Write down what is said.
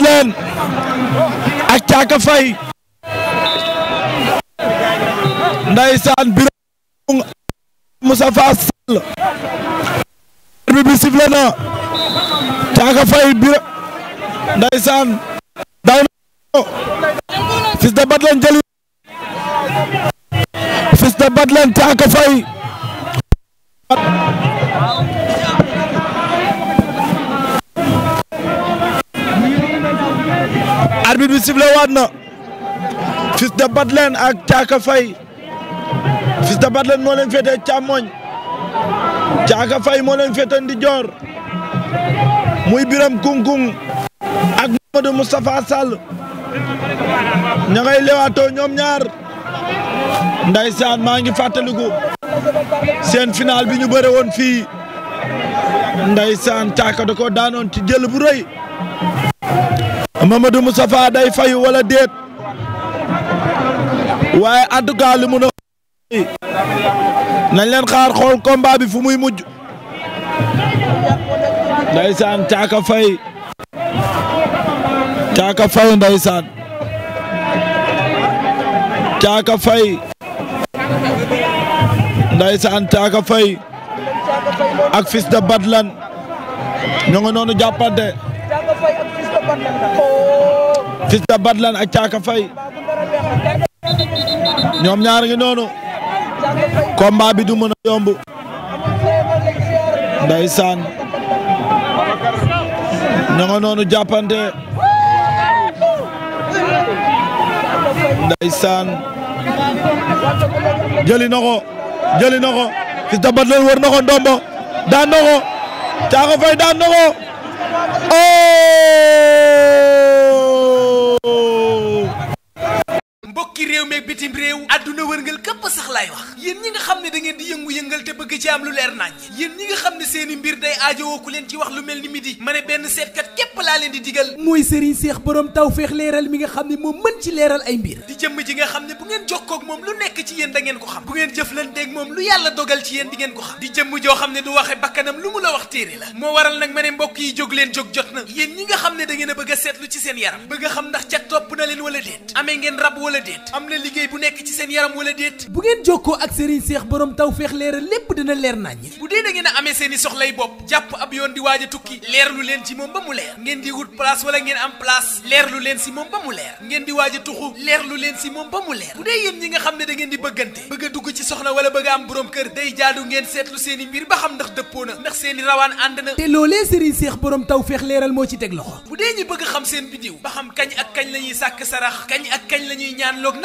leen ak Caaka Fay ndaysaan biram Moustapha Sall bi bi sifle na Caaka Fay biram ndaysaan daw na fils de Batlen jëli fils de Batlen Caaka Fay arbitre bi sifflé waat na Fils de ak Thiaka Faye Fils de moo leen féete càmmoñ Thiaka Faye moo leen féete ndijoor muy Biram Kunkung ak Mamadou Moustapha Sall ña ngay lewaatoo ñoom ñaar ndaysaan maa ngi fàttaliku seen final bi ñu bëre woon fii ndaysaan Thiaka da ko daanoon ci jël bu rëy Mamadou Moustapha day fayu wala déet waaye en tout cas li mu na leen xaar xool combat fu muy mujj ndaysaan Caaka Fay Caaka Fay Caaka Fay ndaysaan Caaka Fay ak Fils de ñoo ngi noonu jàppante Fils de Batlan ak Caaka Fay ñoom ñaar noonu combat bi du mën a yomb ndeysaan na nga noonu jàppante jëli na jëli na ko Fils wër na ndombo daan na Caaka Fay daan na Oh réew meeg bitim réew adduna wërngal këpp sax laay wax yéen ñi nga xam ne da ngeen di yëngu-yëngal te bëgg ci am lu leer nañ yéen ñi nga xam ne seeni mbir day aajowoo ku leen ci wax lu mel ni midi ma ne benn seetkat képp laa leen di digal mooy sëriñ seex borom tawfeex leeral mi nga xam ne moom mën ci leeral ay mbir di jëmm ji nga xam ne bu ngeen jokkoo ak moom lu nekk ci yéen da ngeen ko xam bu ngeen jëflanteeg moom lu yàlla dogal ci yen di ngeen ko xam di jëmm joo xam ne du waxe bakkanam lu mu la wax téere la moo waral ma ne mbokk yi jóg leen jóg jot na yéen ñi nga xam ne da ngeen bëgg a ci seen yaram bëgg a ndax ca na leen wala déet amee ngeen rab wala déet am na liggéey bu nekk ci seen yaram wala déet bu ngeen jokkoo ak Serigne Cheikh borom tawfeex leeral lépp dina leer naññ bu dee da ngeen amee seen i soxlay bopp jàpp ab yoon di waaj a tukki leerlu leen ci moom ba mu leer ngeen di wut place wala ngeen am place leerlu leen si moom ba mu leer ngeen di waaj tuxu leerlu leen si moom ba mu leer bu dee yéen ñi nga xam ne da ngeen di bëggante bëgg a dugg ci soxna wala bëgg a am borom kër day jaadu ngeen seetlu seen i mbir ba xam ndax dëppoo na ndax seen i rawaan ànd na te loolee Serigne Cheikh moo ci teg loxo bu dee ñi bëgg xam seen ba xam kañ ak la ñuy sàkk sarax ak kañ la ñuy ñaan